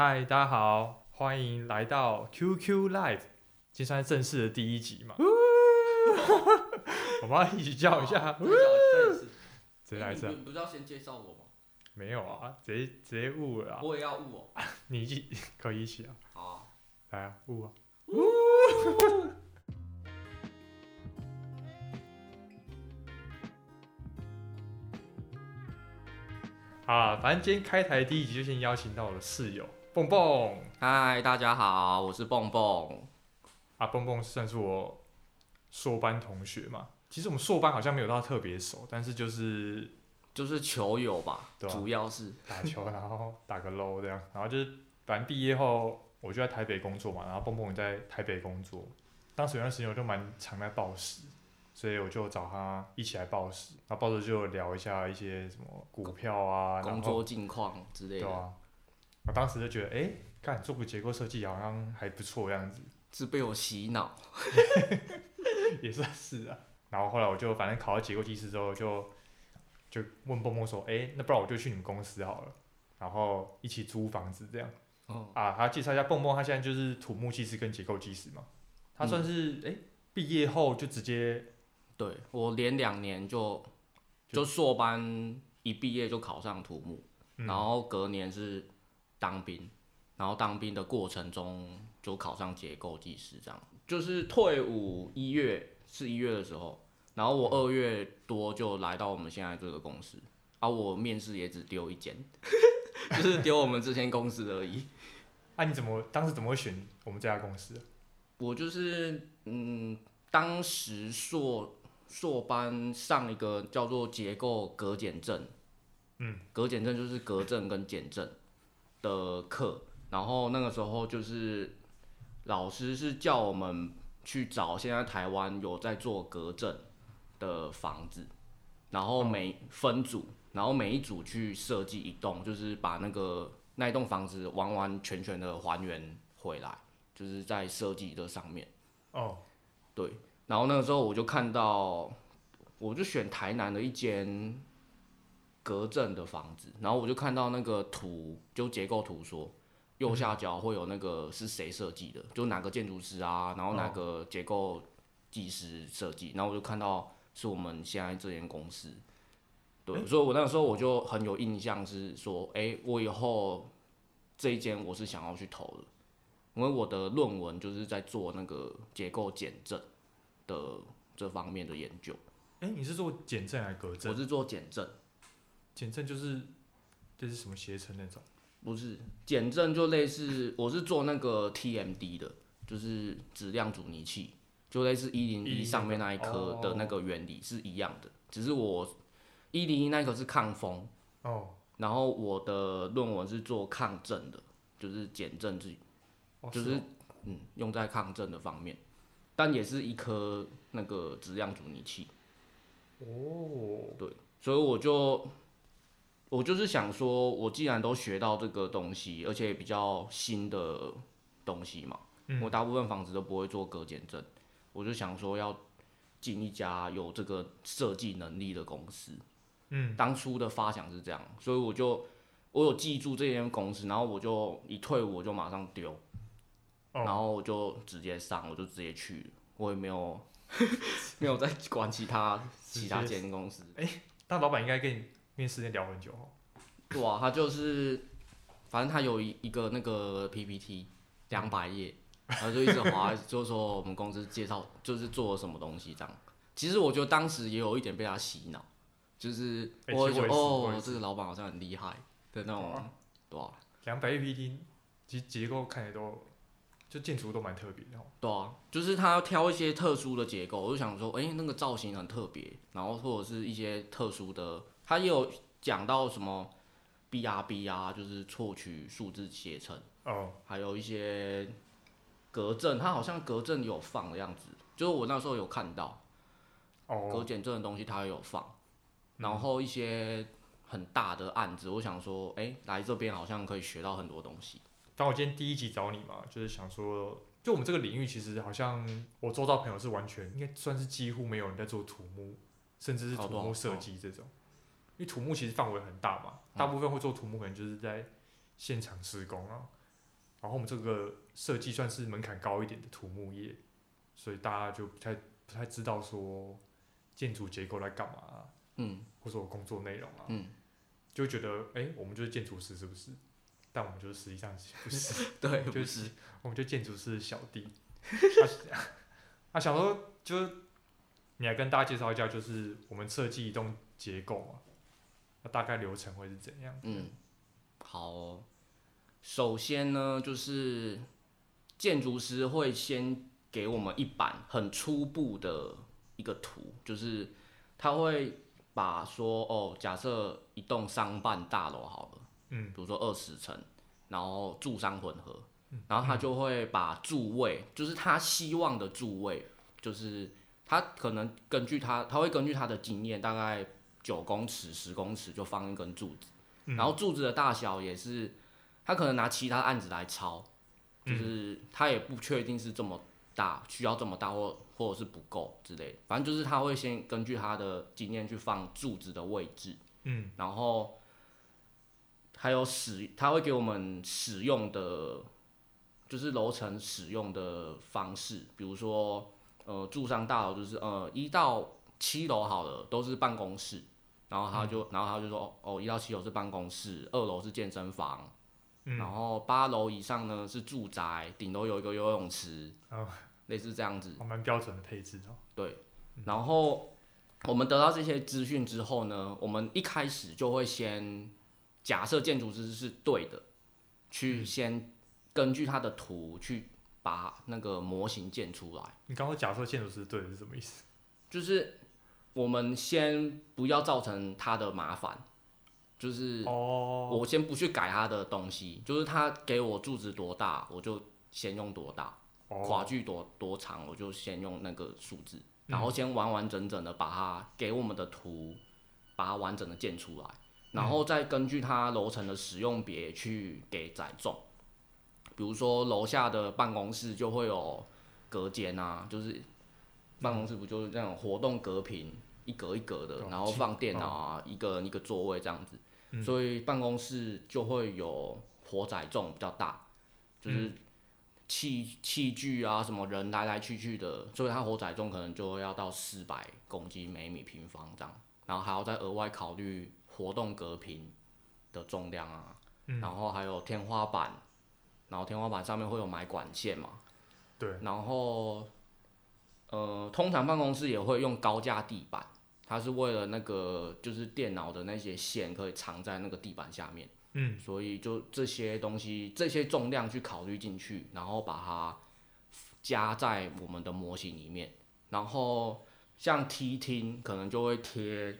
嗨，大家好，歡迎來到 QQ Live，今天算正式的第一集嘛，哦、 我幫你一起叫一下、呃，再一次，再一次，你，你，你不是要先介紹我嗎？沒有啊，直接直接誤了、啊，我也要誤哦， 你一可以一起啊，好，來啊，誤啊，嗚、哦，啊、 哦，反正今天開台第一集就先邀請到我的室友。蹦蹦，嗨，大家好，我是蹦蹦。啊，蹦蹦算是我碩班同學嘛。其實我們碩班好像沒有到特別熟，但是就是就是球友吧，對啊、主要是打球，然後打個擼這樣， 然後就是反正畢業後我就在台北工作嘛，然後蹦蹦也在台北工作。當時有一段時間我就蠻常在抱石，所以我就找他一起來抱石，然後抱石就聊一下一些什麼股票啊、工作，然後工作近況之類的。對啊我當時就覺得，哎、欸，看做個結構設計好像還不錯這樣子。是被我洗腦， 也算是啊。然後後來我就反正考了結構技師之後就，就就問蹦蹦說，哎、欸，那不然我就去你們公司好了，然後一起租房子這樣。哦啊，他介紹一下蹦蹦，Bombo，他現在就是土木技師跟結構技師嘛。他算是哎，畢、嗯欸、業後就直接對，我連兩年就就碩班一畢業就考上土木，嗯、然後隔年是。當兵，然後當兵的過程中就考上結構技師，這樣就是退伍一月、嗯、是一月的時候，然後我二月多就來到我們現在這個公司，嗯、啊，我面試也只丟一間， 就是丟我們之前公司而已。啊，你怎麼當時怎麼會選我們這家公司、啊？我就是嗯，當時碩碩班上一個叫做結構隔減震，嗯，隔減震就是隔震跟減震的課，然後那個時候就是老師是叫我們去找現在台灣有在做隔震的房子，然後每分組，然後每一組去設計一棟，就是把那個那一棟房子完完全全的還原回來，就是在設計這上面。哦、oh.，對，然後那個時候我就看到，我就選台南的一間。隔震的房子，然後我就看到那個圖，就結構圖說，說右下角會有那個是誰設計的、嗯，就哪個建築師啊，然後哪個結構技師設計、哦，然後我就看到是我們現在這間公司，對，欸、所以我那個時候我就很有印象，是說，哎、欸，我以後這一間我是想要去投的，因為我的論文就是在做那個結構減震的這方面的研究。哎、欸，你是做減震還是隔震？我是做減震。減震就是，這是什麼斜撐那種？不是，減震就類似，我是做那個 TMD 的，就是質量阻尼器，就類似一零一上面那一顆的那個原理是一樣的，oh. 只是我一零一那一顆是抗風哦，oh. 然後我的論文是做抗震的，就是減震器，oh, so. 就是嗯，用在抗震的方面，但也是一顆那個質量阻尼器哦，oh. 對，所以我就。我就是想說，我既然都學到這個東西，而且也比較新的東西嘛、嗯，我大部分房子都不會做隔減震，我就想說要進一家有這個設計能力的公司。嗯，當初的發想是這樣，所以我就我有記住這間公司，然後我就一退伍我就馬上丟、哦，然後我就直接上，我就直接去，我也沒有 沒有再管其他其他間公司。哎、欸，大老闆應該給你。面時間聊很久，哦，對啊，他就是，反正他有一一個那個 PPT 兩百頁，然後就一直滑，就說我們公司介紹就是做了什麼東西這樣。其實我覺得當時也有一點被他洗腦，就是，欸，我，是我是哦，這個老闆好像很厲害的那種。對，啊，兩百頁 PPT，其實結構看起來都就建築都蠻特別的，哦。對，啊，就是他要挑一些特殊的結構，我就想說，哎，欸，那個造型很特別，然後或者是一些特殊的。他也有講到什麼 B R B R，就是挫屈束制斜撐哦，oh. 還有一些隔震，他好像隔震有放的樣子，就是我那時候有看到哦，隔減震的東西他有放，oh. 然後一些很大的案子，嗯、我想說，哎、欸，來這邊好像可以學到很多東西。當我今天第一集找你嘛，就是想說，就我們這個領域，其實好像我周遭朋友是完全應該算是幾乎沒有人在做土木，甚至是土木設計這種。Oh. Oh. Oh. 因為土木其實範圍很大嘛，大部分會做土木可能就是在現場施工啊。嗯、然後我們這個設計算是門檻高一點的土木業，所以大家就不太不太知道說建築結構來幹嘛、啊，嗯，或者我工作內容啊，嗯，就覺得哎、欸，我們就是建築師是不是？但我們就是實際上是不是， 對， 就是，是我們就建築師的小弟。 啊，啊想說、嗯、就是你來跟大家介紹一下，就是我們設計一棟結構嘛、啊。那大概流程會是怎樣？嗯，好，首先呢，就是建築師會先給我們一版很初步的一個圖，就是他會把說哦，假設一棟商辦大樓好了，嗯，比如說二十層，然後住商混合，嗯，然後他就會把柱位，嗯，就是他希望的柱位，就是他可能根據他，他會根據他的經驗大概。九公尺、十公尺就放一根柱子。嗯，然後柱子的大小也是，他可能拿其他案子來抄，就是他也不確定是這麼大需要這麼大或或者是不夠之類的，反正就是他會先根據他的經驗去放柱子的位置，嗯，然後還有使他會給我們使用的，就是樓層使用的方式，比如說呃住商大樓就是呃一到。七樓好了，都是辦公室，然後他就，嗯、然後他就說，哦，一到七樓是辦公室，二樓是健身房，嗯、然後八樓以上呢是住宅，頂樓有一個游泳池，哦、類似這樣子、哦，蠻標準的配置、哦、對、嗯，然後我們得到這些資訊之後呢，我們一開始就會先假設建築師是對的，去先根據他的圖去把那個模型建出來。你剛剛假設建築師對的，是什麼意思？就是。我們先不要造成他的麻煩，就是我先不去改他的東西，oh. 就是他給我柱子多大，我就先用多大，oh. 跨距多多長，我就先用那個數字，然後先完完整整的把它給我們的圖，把它完整的建出來，然後再根據它樓層的使用別去給載重，比如說樓下的辦公室就會有隔間啊，就是。辦公室不就是那種、嗯、活動隔屏，一格一格的，然後放電腦啊、哦，一個人一個座位這樣子、嗯，所以辦公室就會有活載重比較大，就是器、嗯、器具啊，什麼人來來去去的，所以它活載重可能就會要到四百公斤每米平方這樣，然後還要再額外考慮活動隔屏的重量啊、嗯，然後還有天花板，然後天花板上面會有埋管線嘛，對，然後。呃，通常辦公室也會用高架地板，它是為了那個就是電腦的那些線可以藏在那個地板下面。嗯，所以就這些東西、這些重量去考慮進去，然後把它加在我們的模型裡面。然後像梯廳可能就會貼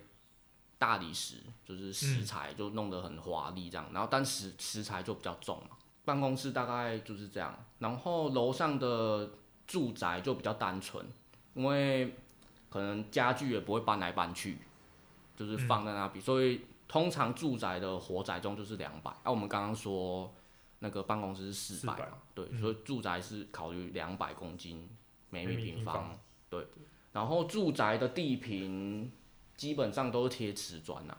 大理石，就是石材就弄得很華麗這樣。嗯。然後但石石材就比較重嘛。辦公室大概就是這樣。然後樓上的住宅就比較單純。因為可能家具也不會搬來搬去，就是放在那邊、嗯，所以通常住宅的活載重就是兩百。而我們剛剛說那個辦公室是四百，對、嗯，所以住宅是考慮兩百公斤每米，每米平方，對。然後住宅的地坪基本上都是貼瓷磚啊。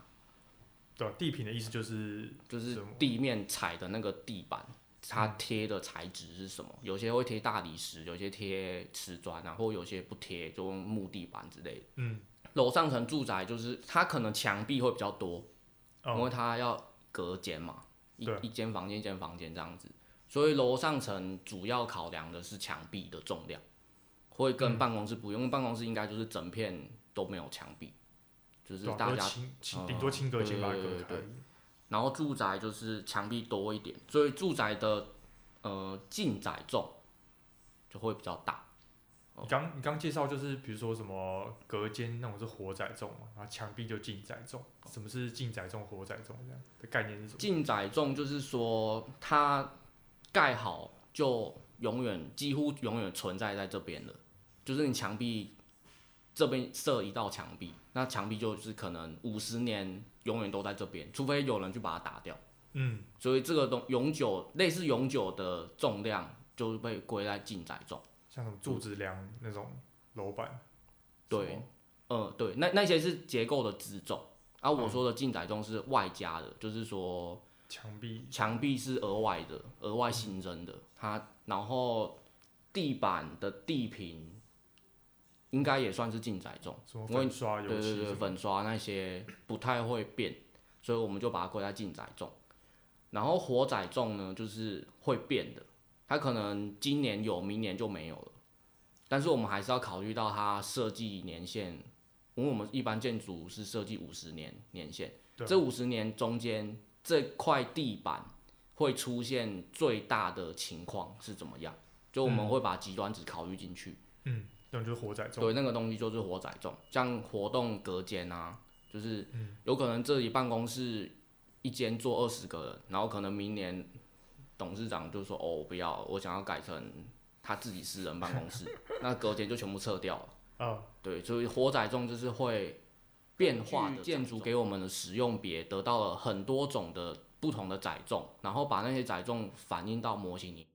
對，地坪的意思就是就是地面踩的那個地板。它貼的材質是什麼？有些會貼大理石，有些貼瓷磚，然後有些不貼，就用木地板之類的。嗯，樓上層住宅就是它可能牆壁會比較多，嗯、因為它要隔間嘛，一一間房間一間房間這樣子，所以樓上層主要考量的是牆壁的重量，會跟辦公室不一樣，嗯、因為辦公室應該就是整片都沒有牆壁，就是大家頂、啊、多輕隔間吧、嗯，對對對、對。然後住宅就是牆壁多一點，所以住宅的，呃，靜載重就會比較大。哦、你剛你剛介紹就是比如說什麼隔間那種是活載重嘛，然後牆壁就靜載重。什麼是靜載重、活載重這樣的概念是什麼？靜載重就是說它蓋好就永遠幾乎永遠存在在這邊了，就是你牆壁。這邊設一道牆壁，那牆壁就是可能五十年永遠都在這邊，除非有人去把它打掉。嗯，所以這個東永久類似永久的重量就是被歸在靜載重，像什麼柱子梁、梁、嗯、那種樓板。對。呃，對，那那些是結構的自重，啊我說的靜載重是外加的，嗯、就是說牆壁，牆壁是額外的、額外新增的、嗯、它，然後地板的地坪。應該也算是靜載重，粉刷，因為對，對，對粉刷那些不太會變， 所以我們就把它歸在靜載重。然後活載重呢，就是會變的，它可能今年有，明年就沒有了。但是我們還是要考慮到它設計年限，因為我們一般建築是設計五十年年限，這五十年中間，這塊地板會出現最大的情況是怎麼樣？就我們會把極端值考慮進去。嗯嗯那就是活載重。對，那個東西就是活載重，像活動隔間啊，就是有可能這裡辦公室一間坐二十個人，然後可能明年董事長就說哦，我不要，我想要改成他自己私人辦公室， 那隔間就全部撤掉了。啊、oh.。對，所以活載重就是會變化的。建築給我們的使用別得到了很多種的不同的載重，然後把那些載重反映到模型裡。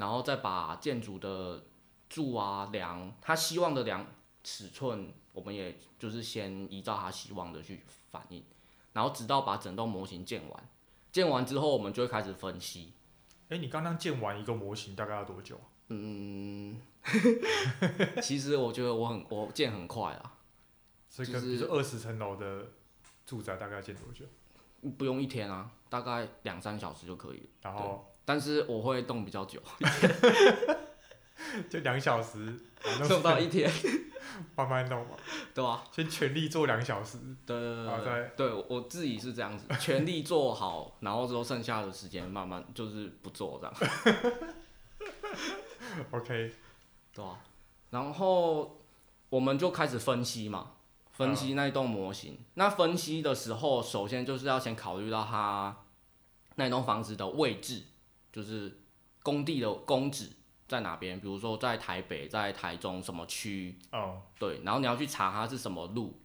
然後再把建築的柱啊、樑，他希望的樑尺寸，我們也就是先依照他希望的去反映，然後直到把整棟模型建完，建完之後我們就會開始分析。哎，你剛剛建完一個模型大概要多久啊？嗯呵呵，其實我覺得我很我建很快啊， 就是二十層樓的住宅大概要建多久？就是，不用一天啊，大概兩三小時就可以，然後。但是我會動比較久， 就兩小時，做 到一天， 慢慢弄嘛，對吧、啊？先全力做兩小時，對對，對、對、對，我自己是這樣子，全力做好， 然後之後剩下的時間慢慢就是不做這樣 。OK，對啊，然後我們就開始分析嘛，分析那一棟模型、啊。那分析的時候，首先就是要先考慮到它那棟房子的位置。就是工地的工址在哪邊？比如說在台北，在台中什麼區？哦，oh，對，然後你要去查它是什麼路。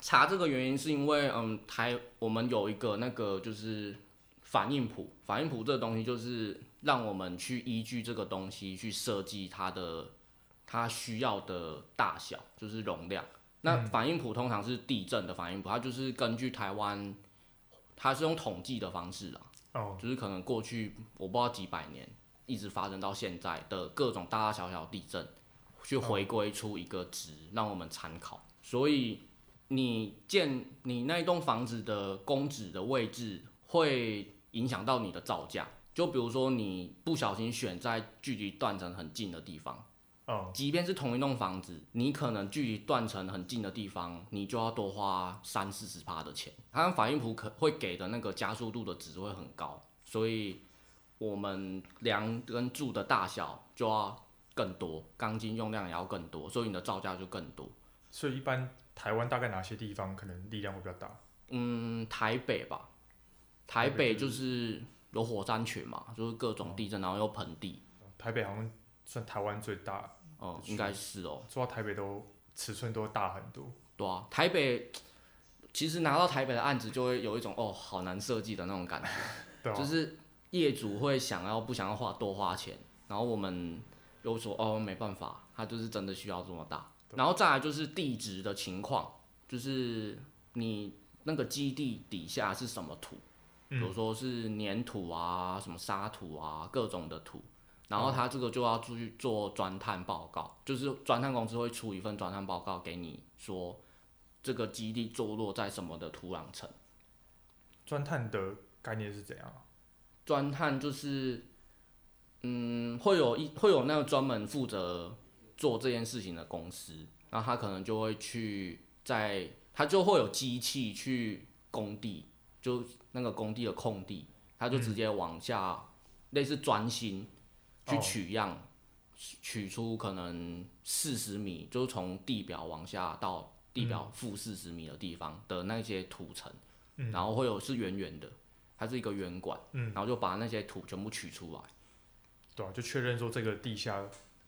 查這個原因是因為，嗯，台我們有一個那個就是反應譜，反應譜這個東西就是讓我們去依據這個東西去設計它的它需要的大小，就是容量。那反應譜通常是地震的反應譜，它就是根據台灣，它是用統計的方式啦。就是可能過去我不知道幾百年一直發生到現在的各種大大小小地震，去回歸出一個值讓我們參考。所以你建你那棟房子的工址的位置會影響到你的造價，就比如說你不小心選在距離斷層很近的地方。哦、嗯，即便是同一棟房子，你可能距離斷層很近的地方，你就要多花三四十趴的錢。它反應譜可會給的那個加速度的值會很高，所以我們樑跟柱的大小就要更多，鋼筋用量也要更多，所以你的造價就更多。所以一般台灣大概哪些地方可能力量會比較大？嗯，台北吧，台北就是有火山群嘛，就是各種地震，然後又盆地、嗯，台北好像。算台灣最大哦、嗯，應該是哦。說到台北都尺寸都大很多。對啊，台北其實拿到台北的案子就會有一種哦好難設計的那種感覺對、啊，就是業主會想要不想要花多花錢，然後我們又說哦沒辦法，他就是真的需要這麼大。然後再來就是地質的情況，就是你那個基地底下是什麼土，、嗯，比如說是黏土啊、什麼沙土啊、各種的土。然後他這個就要出去做鑽探報告、嗯，就是鑽探公司會出一份鑽探報告給你，說這個基地坐落在什麼的土壤層。鑽探的概念是怎樣？鑽探就是，嗯，會有一會有那個專門負責做這件事情的公司，然後他可能就會去在，他就會有機器去工地，就那個工地的空地，他就直接往下，嗯，類似鑽芯。去取樣，哦，取出可能四十米，就是從地表往下到地表負四十米的地方的那些土層，嗯嗯，然後會有是圓圓的，它是一個圓管，嗯，然後就把那些土全部取出來，嗯、對、啊，就確認說這個地下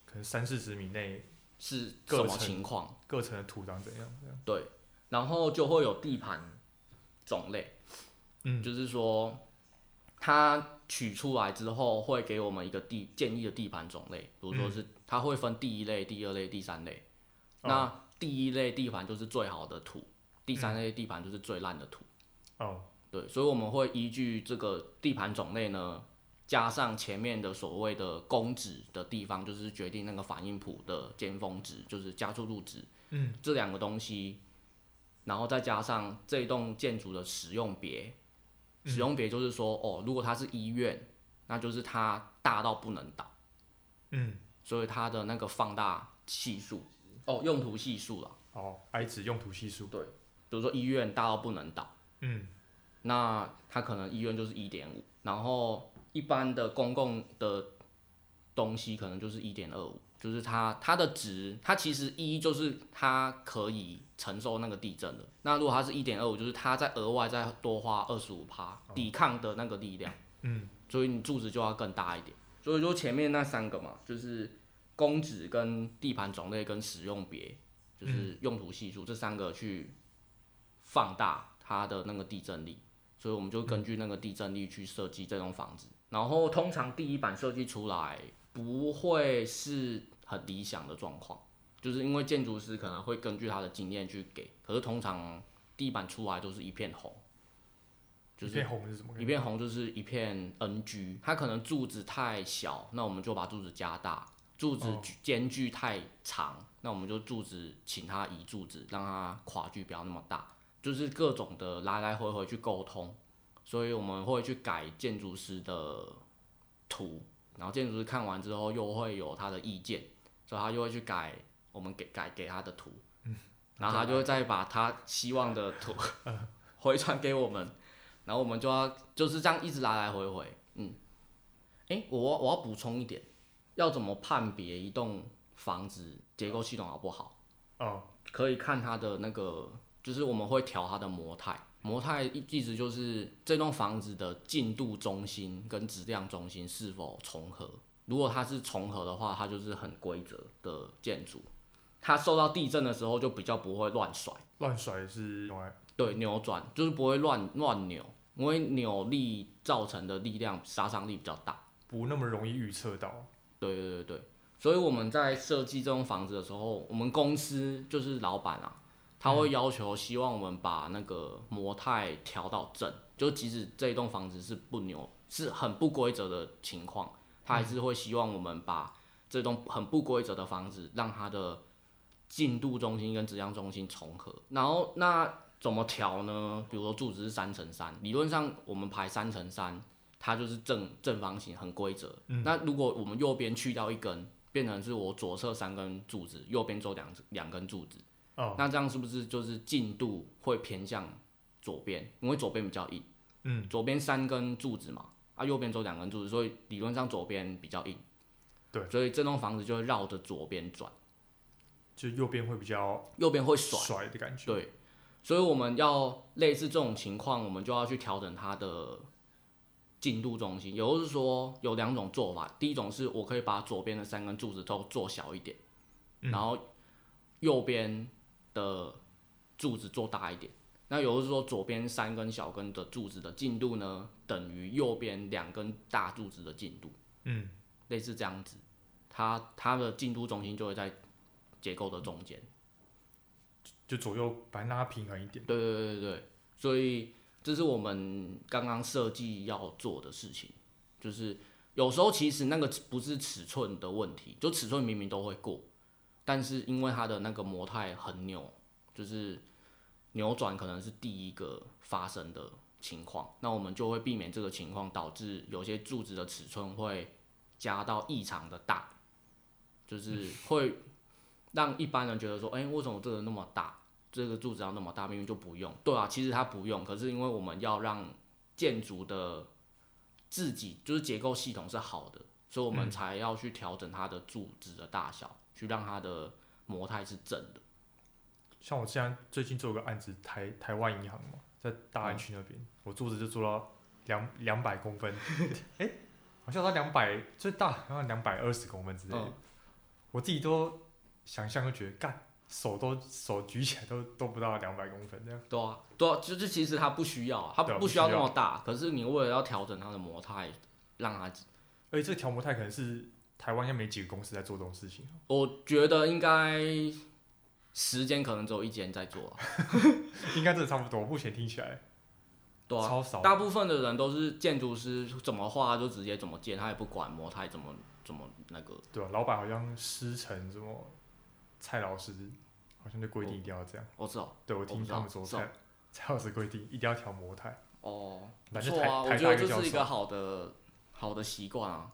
可能三四十米內是什麼情況，各層，各層的土壤怎樣，這樣，對，然後就會有地盤種類，嗯，就是說。它取出來之後會給我們一個地建議的地盤種類，比如說是它會分第一類、第二類、第三類。嗯、那第一類地盤就是最好的土，第三類地盤就是最爛的土。哦、嗯，對，所以我們會依據這個地盤種類呢，加上前面的所謂的工址的地方，就是決定那個反應譜的尖峰值，就是加速度值。嗯，這兩個東西，然後再加上這棟建築的使用別。嗯，使用別就是說哦，如果它是醫院，那就是它大到不能倒，嗯，所以它的那個放大係數，哦，用途係數了，哦，I 指用途係數，對，比如說醫院大到不能倒，嗯，那它可能醫院就是一點五，然後一般的公共的東西可能就是一點二五。就是它，它的值，它其實一就是它可以承受那個地震的。那如果它是一點二五，就是它再額外再多花二十五趴抵抗的那個力量。嗯，所以你柱子就要更大一點。所以說前面那三個嘛，就是工址跟地盤種類跟使用別，就是用途係數、嗯、這三個去放大它的那個地震力。所以我們就根據那個地震力去設計這棟房子。然後通常第一版設計出來不會是。很理想的狀況，就是因為建築師可能會根據他的經驗去給，可是通常地板出來都是一片紅，就是一片紅是什麼？一片紅就是一片 NG，他可能柱子太小，那我們就把柱子加大；柱子間距太長，那我們就柱子請他移柱子，讓他跨距不要那麼大，就是各種的來來回回去溝通，所以我們會去改建築師的圖，然後建築師看完之後又會有他的意見。所以，他就會去改我們給改給他的圖，然後他就會再把他希望的圖回傳給我們，然後我們就要就是這樣一直來來回回。嗯，誒、欸，我我要補充一點，要怎麼判別一棟房子結構系統好不好？哦、oh. oh.，可以看它的那個，就是我們會調它的模態，模態意思就是這棟房子的進度中心跟質量中心是否重合。如果它是重合的話，它就是很規則的建築。它受到地震的時候就比較不會亂甩。亂甩是對扭轉，就是不會亂亂扭，因為扭力造成的力量殺傷力比較大，不那麼容易預測到。對對對對，所以我們在設計這棟房子的時候，我們公司就是老闆啊，他會要求希望我們把那個模態調到正，就即使這一棟房子是不扭，是很不規則的情況。他還是會希望我們把這棟很不規則的房子，讓它的勁度中心跟質量中心重合。然後那怎麼調呢？比如說柱子是三乘三，理論上我們排三乘三，它就是正正方形，很規則。那如果我們右邊去掉一根，變成是我左側三根柱子，右邊做兩兩根柱子。哦。那這樣是不是就是勁度會偏向左邊？因為左邊比較硬。嗯。左邊三根柱子嘛。啊，右邊只有兩根柱子，所以理論上左邊比較硬，對，所以這棟房子就會繞着左邊轉，就右邊會比較，右邊會甩甩的感覺，對，所以我們要類似這種情況，我們就要去調整它的進度中心，也就是說，有兩種做法，第一種是我可以把左邊的三根柱子都做小一點，嗯、然後右邊的柱子做大一點。那有的時候，左邊三根小根的柱子的進度呢，等於右邊兩根大柱子的進度，嗯，類似這樣子，它它的進度中心就會在結構的中間，嗯，就左右把它拉平衡一點。對對對對對，所以這是我們剛剛設計要做的事情，就是有時候其實那個不是尺寸的問題，就尺寸明明都會過，但是因為它的那個模態很扭，就是。扭轉可能是第一個發生的情況，那我們就會避免這個情況導致有些柱子的尺寸會加到異常的大，就是會讓一般人覺得說，哎、欸，為什麼這個那麼大？這個柱子要那麼大？明明就不用。對啊，其實它不用，可是因為我們要讓建築的自己就是結構系統是好的，所以我們才要去調整它的柱子的大小，嗯、去讓它的模態是正的。像我現在最近做一個案子，台台灣銀行嘛，在大安區那邊，嗯，我桌子就做到兩兩百公分，哎、 欸，好像到兩百最大好像兩百二十公分之類，嗯、我自己都想象，都覺得幹，手都手舉起來都都不到兩百公分這樣。對啊，對啊，就就是，其實它不需要，啊，它不需要那麼大，啊，可是你為了要調整它的模態，讓它，而且這條模態可能是台灣應該沒幾個公司在做這種事情。我覺得應該。時間可能只有一間在做、啊， 應該真的差不多。我目前聽起來， 對、啊，超少。大部分的人都是建築師，怎麼畫就直接怎麼建，他也不管模態怎麼怎麼那個。對啊，老闆好像師承什麼蔡老師，好像就規定一定要這樣。我知道，對，我聽他們說蔡蔡老師規定一定要調模態。哦，但是、啊、我覺得就是一個好的好的習慣啊。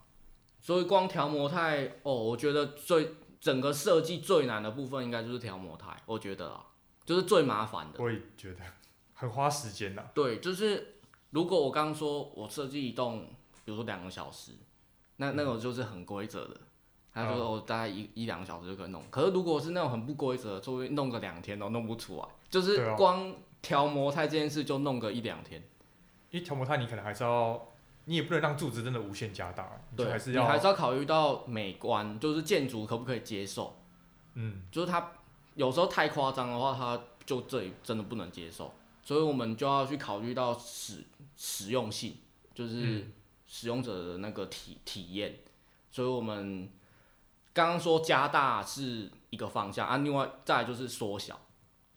所以光調模態哦，我覺得最。整個設計最難的部分應該就是調模態，我覺得啊，就是最麻煩的。我也覺得，很花時間的。對，就是如果我剛剛說我設計一棟，比如說兩個小時，那那種就是很規則的，他、嗯、說我大概一、嗯、一兩個小時就可以弄。可是如果是那種很不規則的，就會弄個兩天都弄不出來，就是光調模態這件事就弄個一兩天。啊、一調模態，你可能還是要。你也不能讓柱子真的無限加大，你還是要還是要考慮到美觀，就是建築可不可以接受？嗯，就是它有時候太誇張的話，它就這裡真的不能接受，所以我們就要去考慮到使實、實用性，就是使用者的那個體體驗。所以我們剛剛說加大是一個方向啊，另外再來就是縮小。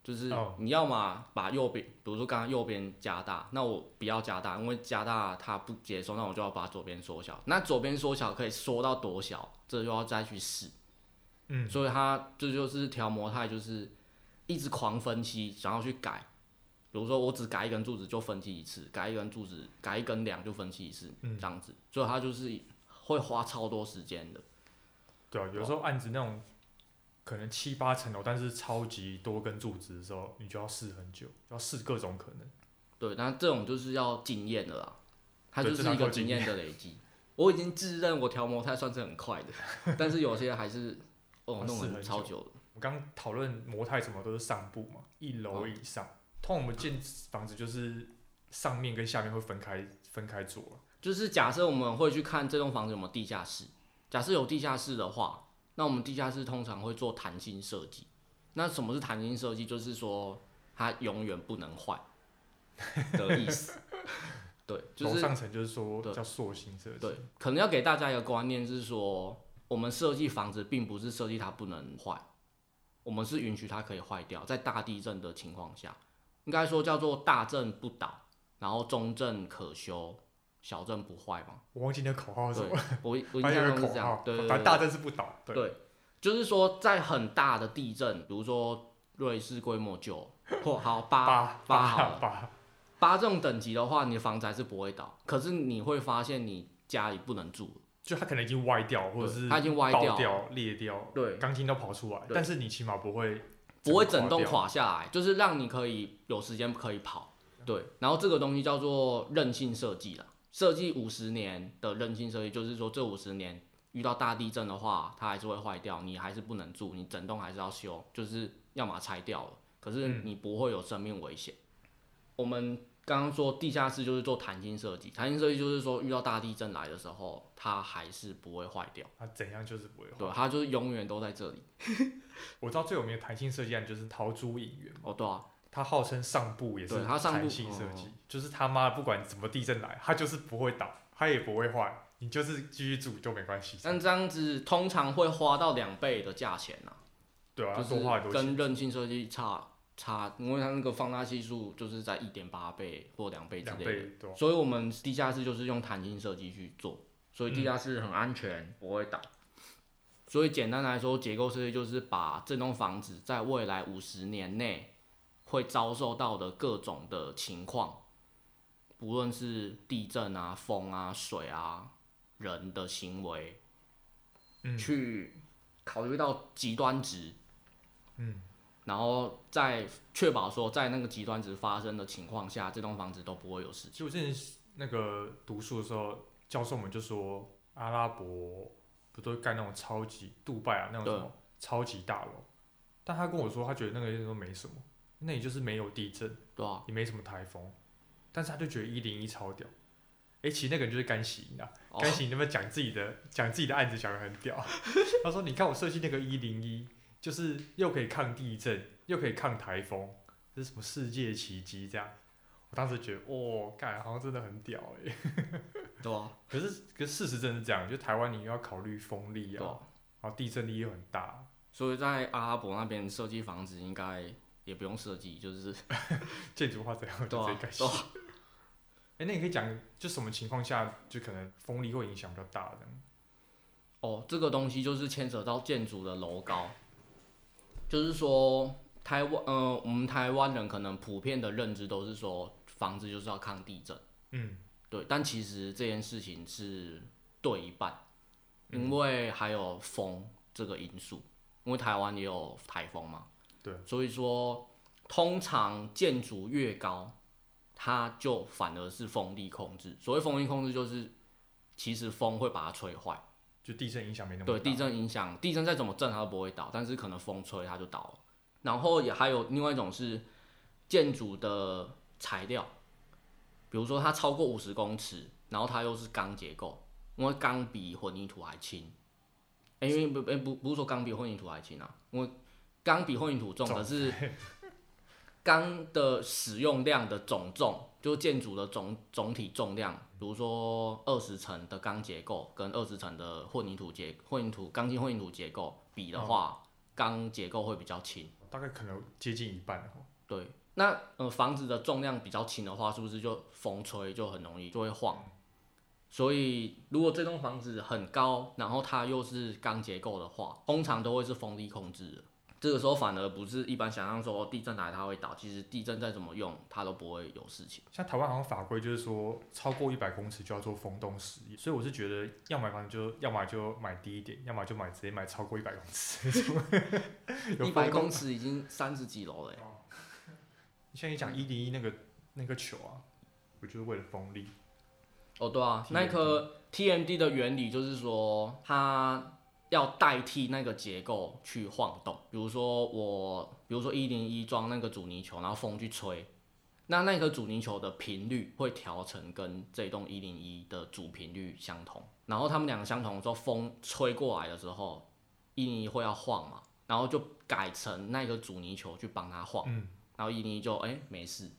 就是你要麼把右邊，oh. 比如說剛剛右邊加大，那我不要加大，因為加大它不接受，那我就要把左邊縮小。那左邊縮小可以縮到多小，這又、個、要再去試。嗯，所以他這就是調模態，就是一直狂分析，然後去改。比如說我只改一根柱子就分析一次，改一根柱子，改一根梁就分析一次，嗯，這樣子，所以他就是會花超多時間的。對啊，嗯，有時候案子那種。可能七八層樓，喔，但是超級多根柱子的時候，你就要試很久，要試各種可能。對，那這種就是要經驗的啦，它就是一個經驗的累積。我已經自認我調模態算是很快的， 但是有些人還是哦、喔啊、弄了超久了。我剛討論模態什麼都是上部嘛，一樓以上、啊。通常我們建房子就是上面跟下面會分開分開做。就是假設我們會去看這棟房子有沒有地下室，假設有地下室的話。那我們地下室通常會做彈性設計。那什麼是彈性設計？就是說它永遠不能壞的意思。 對、就是，樓上層就是說叫塑性設計。對，可能要給大家一個觀念是說，我們設計房子並不是設計它不能壞，我們是允許它可以壞掉。在大地震的情況下，應該說叫做大震不倒，然後中震可修。小震不壞嗎？我忘記你的口號是什麼。我我反正 口號對對對對，反正大震是不倒對。對，就是說在很大的地震，比如說芮氏規模九或好八八好八八，這種等級的話，你的房子還是不會倒。可是你會發現你家裡不能住，就它可能已經歪掉，或者是它已經歪掉、掉裂掉，對，鋼筋都跑出來。但是你起碼不會不會整棟垮、垮下來，就是讓你可以有時間可以跑。對，然後這個東西叫做韌性設計了。設計五十年的韌性設計，就是說這五十年遇到大地震的話，它還是會壞掉，你還是不能住，你整棟還是要修，就是要麼拆掉了。可是你不會有生命危險。嗯、我們剛剛說地下室就是做彈性設計，嗯、彈性設計就是說遇到大地震來的時候，它還是不會壞掉。它怎樣就是不會壞？對，它就是永遠都在這裡。 我知道最有名的彈性設計案就是陶朱隱園。哦、oh，對啊。它號稱上部也是彈性設計，他上部設計，嗯，就是他媽不管什麼地震來，它就是不會倒，它也不會壞，你就是繼續住就沒關係。但這樣子通常會花到兩倍的價錢啊。對啊，就是，跟韌性設計差差，因為它那個放大係數就是在一點八倍或兩倍之類的，兩倍對，啊、所以我們地下室就是用彈性設計去做，所以地下室很安全，嗯，不會倒。所以簡單來說，結構設計就是把這棟房子在未來五十年內，會遭受到的各種的情況，不論是地震啊、風啊、水啊、人的行為，嗯，去考慮到極端值，嗯，然後再確保說，在那個極端值發生的情況下，這棟房子都不會有事情。其實我之前那個讀書的時候，教授們就說，阿拉伯不都蓋那種超級，杜拜啊那種超級大樓，但他跟我說，他覺得那個東西都沒什麼。那你就是沒有地震，你、啊、也沒什麼颱風，但是他就覺得一零一超屌。誒、欸，其實那個人就是乾洗的，乾、哦、洗那邊講自己的講自己的案子講得很屌。 他說：“你看我設計那個一零一，就是又可以抗地震，又可以抗颱風，這是什麼世界奇蹟？”這樣，我當時覺得哇，看來、哦、好像真的很屌誒、欸， 對啊，可是可是事實真的是這樣，就台灣你又要考慮風力啊，啊，然後地震力又很大，所以在阿拉伯那邊設計房子應該。也不用設計，就是 建築化怎樣、 啊、就最開對哎、啊啊欸，那你可以講，就什麼情況下就可能風力會影響比較大的？的哦，這個東西就是牽扯到建築的樓高。 就是說，台灣，嗯、呃，我們台灣人可能普遍的認知都是說，房子就是要抗地震。嗯，對。但其實這件事情是對一半，嗯、因為還有風這個因素，因為台灣也有台風嘛。對，所以說，通常建築越高，它就反而是風力控制。所謂風力控制，就是其實風會把它吹壞。就地震影響沒那麼大。對，地震影響，地震再怎麼震它都不會倒，但是可能風吹它就倒了。然後也還有另外一種是建築的材料，比如說它超過五十公尺，然後它又是鋼結構，因為鋼比混凝土還輕。哎，因為不不不不是不不不不說鋼比混凝土還輕啊，因為鋼比混凝土重，可是鋼的使用量的總重， 就是建築的總總體重量，比如說二十層的鋼結構跟二十層的混凝土結混凝土鋼筋混凝土結構比的話，哦、鋼結構會比較輕，大概可能接近一半、哦、對，那呃房子的重量比較輕的話，是不是就風吹就很容易就會晃？嗯、所以如果這棟房子很高，然後它又是鋼結構的話，通常都會是風力控制的。這個時候反而不是一般想象說地震來它會倒，其實地震再怎麼用它都不會有事情。像台灣好像法規就是說超過一百公尺就要做風洞實驗，所以我是覺得要買房就要買就買低一點，要麼就買直接買超過一百公尺。一 百洞 公尺已經三十幾樓了、欸哦。像你講一零一那個那個球啊，不就是為了風力？哦，對啊，TMD、那一、個、顆 TMD 的原理就是說它。要代替那個結構去晃動，比如說我，比如說一零一裝那個阻尼球，然後風去吹，那那個阻尼球的頻率會調成跟這棟一零一的主頻率相同，然後它們兩個相同的時候，風吹過來的時候，一零一會要晃嘛，然後就改成那個阻尼球去幫它晃，嗯，然後一零一就哎，欸，沒事，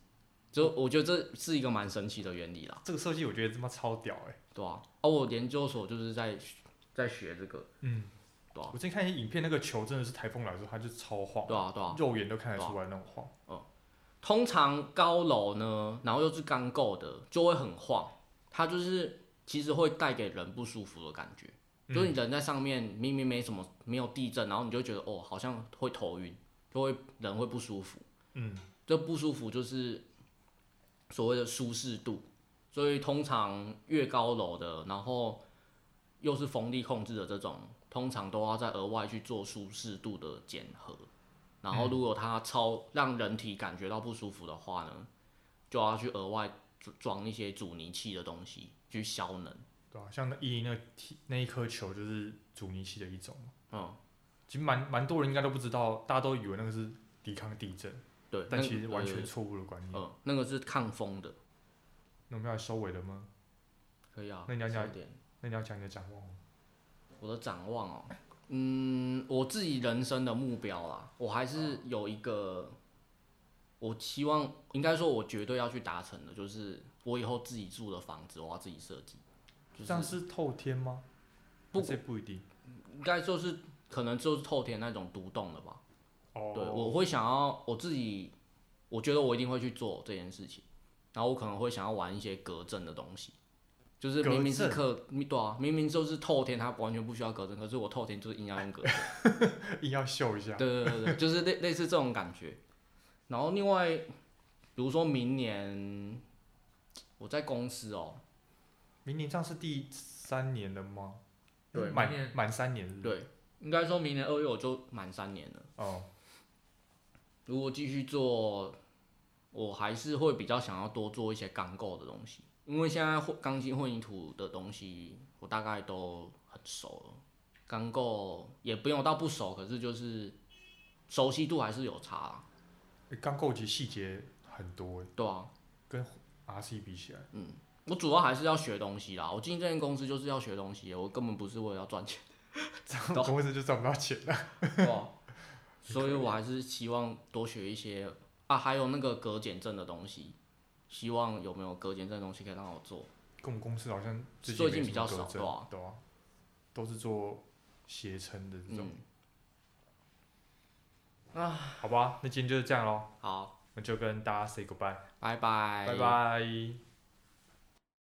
就我覺得這是一個蠻神奇的原理啦。這個設計我覺得他媽超屌誒，欸，對啊，而我研究所就是在。在學這個，嗯，對啊、我最近看一些影片，那個球真的是台風來的時候，它就超晃，對啊對啊，肉眼都看得出來那種晃。啊、嗯，通常高樓呢，然後又是鋼構的，就會很晃，它就是其實會帶給人不舒服的感覺、嗯，就是你人在上面明明沒什麼，沒有地震，然後你就覺得哦好像會頭暈，就會人會不舒服。嗯，這不舒服就是所謂的舒適度，所以通常越高樓的，然後又是風力控制的這種，通常都要再額外去做舒適度的檢核。然後如果它超、嗯、讓人體感覺到不舒服的話呢，就要去額外裝一些阻尼器的東西去消能。對啊，像那一那那一顆球就是阻尼器的一種。嗯，其實蠻蠻多人應該都不知道，大家都以為那個是抵抗地震，對，但其實完全錯誤的觀念。嗯、呃，那個是抗風的。那我們要來收尾了嗎？可以啊。那你一講。那你要講你的展望嗎？我的展望哦、喔，嗯，我自己人生的目標啦，我還是有一個，oh. 我希望應該說，我絕對要去達成的，就是我以後自己住的房子，我要自己設計。像、就是、是透天嗎？不，不一定。應該就是可能就是透天那種獨棟的吧。哦、oh.。對，我會想要我自己，我覺得我一定會去做這件事情。然後我可能會想要玩一些隔震的東西。就是明明是克，對啊，明明就是透天，他完全不需要隔音，可是我透天就是硬要用隔音，硬 要秀一下。對對對，就是類類似這種感覺。 然後另外，比如說明年我在公司哦，明年這樣是第三年了嗎？對，滿、嗯、滿三年了。對，應該說明年二月我就滿三年了。哦，如果繼續做，我還是會比較想要多做一些鋼構的東西。因為現在混鋼筋混凝土的東西，我大概都很熟了。鋼構也不用到不熟，可是就是熟悉度還是有差啊。鋼構其實細節很多欸。對啊，跟 RC 比起來。嗯，我主要還是要學東西啦。我進這間公司就是要學東西，我根本不是為了要賺錢。 這公司就賺不到錢了。 對啊。所以我還是希望多學一些啊，還有那個隔減震的東西。希望有沒有隔間這種東西可以讓我做，跟我們公司好像最近比較少，對吧？對啊，都是做攜程的這種、嗯。啊，好吧，那今天就是這樣嘍。好，那就跟大家 say goodbye。拜拜，拜拜。